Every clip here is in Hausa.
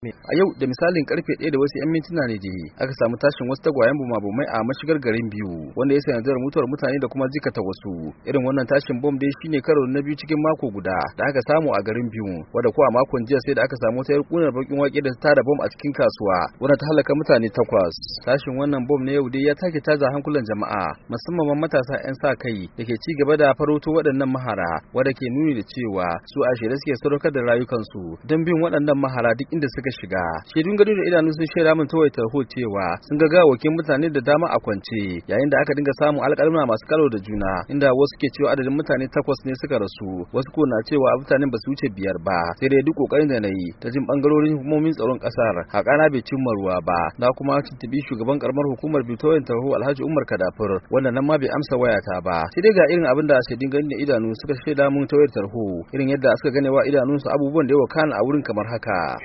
a yau da misalin karfe 1 da wasu 'yan mintuna ne je aka samu tashin wasu tagwayen bumabumai a mashigar garin biyu wanda ya sanadar mutuwar mutane da kuma jikata wasu irin wannan tashin bom dai shine karo na biyu cikin mako guda da aka samu a garin biyu wanda kuwa makon jiya sai da aka samu wata kunar bakin wake da tara bom a cikin kasuwa wanda ta halaka mutane takwas tashin wannan bom na yau dai ya take taza hankulan jama'a musamman matasa 'yan sa kai da ke ci gaba da faroto waɗannan mahara wanda ke nuni da cewa su a shirye suke sadaukar da rayukansu don bin waɗannan mahara duk inda suka suka shiga shaidun gado da idanu sun shaida min tawai tarho cewa sun ga gawakin mutane da dama a kwance yayin da aka dinga samun alƙalma masu kalo da juna inda wasu ke cewa adadin mutane takwas ne suka rasu wasu ko na cewa mutanen ba su wuce biyar ba sai dai duk kokarin da na yi ta jin bangarorin hukumomin tsaron kasar hakana bai cimma ruwa ba na kuma tuntubi shugaban karamar hukumar bitoyin tarho alhaji umar kadafur wanda nan ma bai amsa wayata ba sai dai ga irin abin da shaidun gani da idanu suka shaida mun tawayar tarho irin yadda suka ganewa idanunsu abubuwan da yawa kana a wurin kamar haka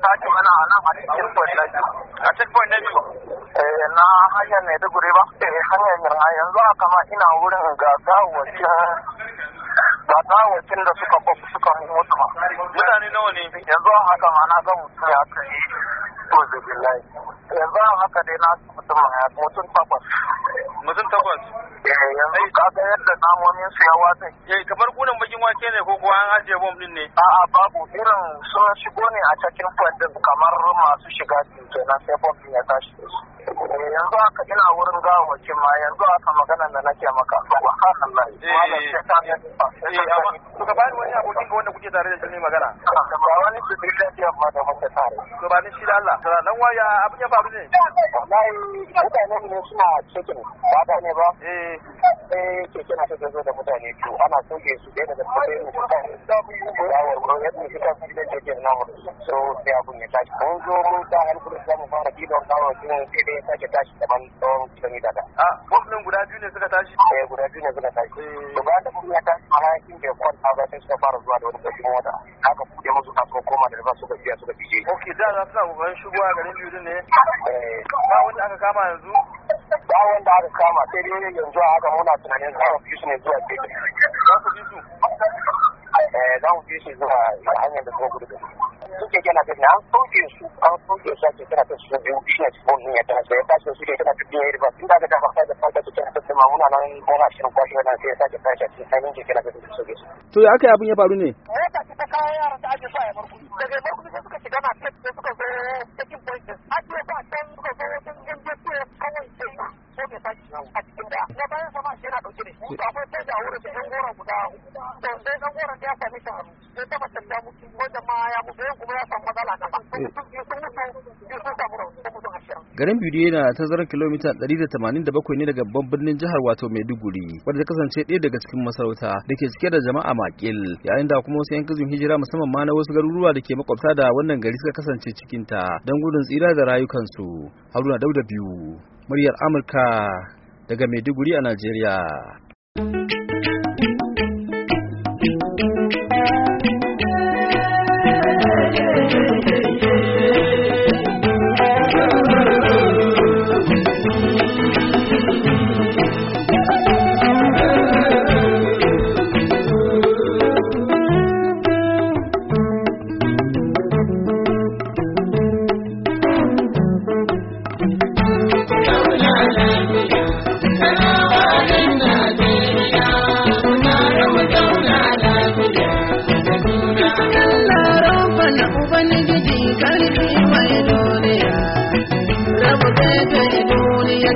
sace mana a nan a cikin point na biyu. A cikin point na biyu? Eh na hanyar Maiduguri ba. Eh hanyar na yanzu haka ma ina wurin ga gawacin ga gawacin da suka kwafi suka mutu ma. Mutane nawa ne? Yanzu haka ma na ga mutum ya kai. Yanzu haka dai na mutum takwas mutum takwas eh, yanzu ka ga yadda namomin su ya wata eh kamar kunan bakin wake ne ko kuwa an ajiye bom din ne a'a babu irin sun shigo ne a cikin fadin kamar masu shiga kenan sai bom din ya tashi da su yanzu haka ina wurin mace ma yanzu haka magana da nake maka eh, eh, ka ne eh, ka bani wani abokin ka wanda kuke tare da shi ne ba wani su da tare to ba ni shi da Allah waya abin ya faru ne wallahi mutane ne suna cikin ba ne ba eh eh na ta zo da mutane ana soke su da daga kare ne da mu ya wa ko yadda shi ta cikin na so sai abun ya tashi zo ta har zamu fara bidon gawawakin sai dai ya sake tashi daban tsawon kilomita da. A ah, bom nan guda biyu ne suka tashi? Eh guda biyu ne suka tashi. Eh. To ba da bom ya tashi a hayakin bai kwanta ba sai suka fara zuwa da wani bakin wata Haka kuɗe musu kasu koma da ba suka biya suka fice. Ok da za su na kokarin shigowa garin biyu ne. Eh. Ba wanda aka kama yanzu? Ba wanda aka kama sai dai yanzu haka muna tunanin za mu fi su ne zuwa gefe. Za su fi su? Eh za mu fi su zuwa hanyar da suka gudu da su. suke yana da na sauke su an sauke su ake kira ta su biyu shi ne cikin ya tana sai ba su suke kira ta biyu ya da sai da fanta su kira su nan goma sai ya sake a cikin sanin su su. to ya aka abin ya faru ne. Eh, ta kawo yaran da ake sa ya barku daga barku Garin ya sami ta na sun mutu sun sun samu rauni mutu kilomita 187 ne daga babban birnin jihar wato Maiduguri wadda ta kasance ɗaya daga cikin masarauta da ke cike da jama'a makil yayin da kuma wasu 'yan gizon hijira musamman ma na wasu garuruwa da ke makwabta da wannan gari suka kasance cikinta don gudun tsira da rayukansu. Haruna Dauda biyu muryar Amurka daga Maiduguri a Najeriya.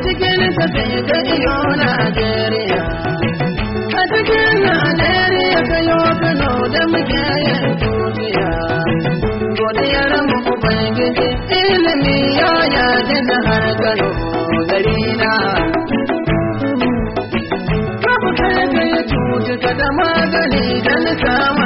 cikin tafi ga na magani don samu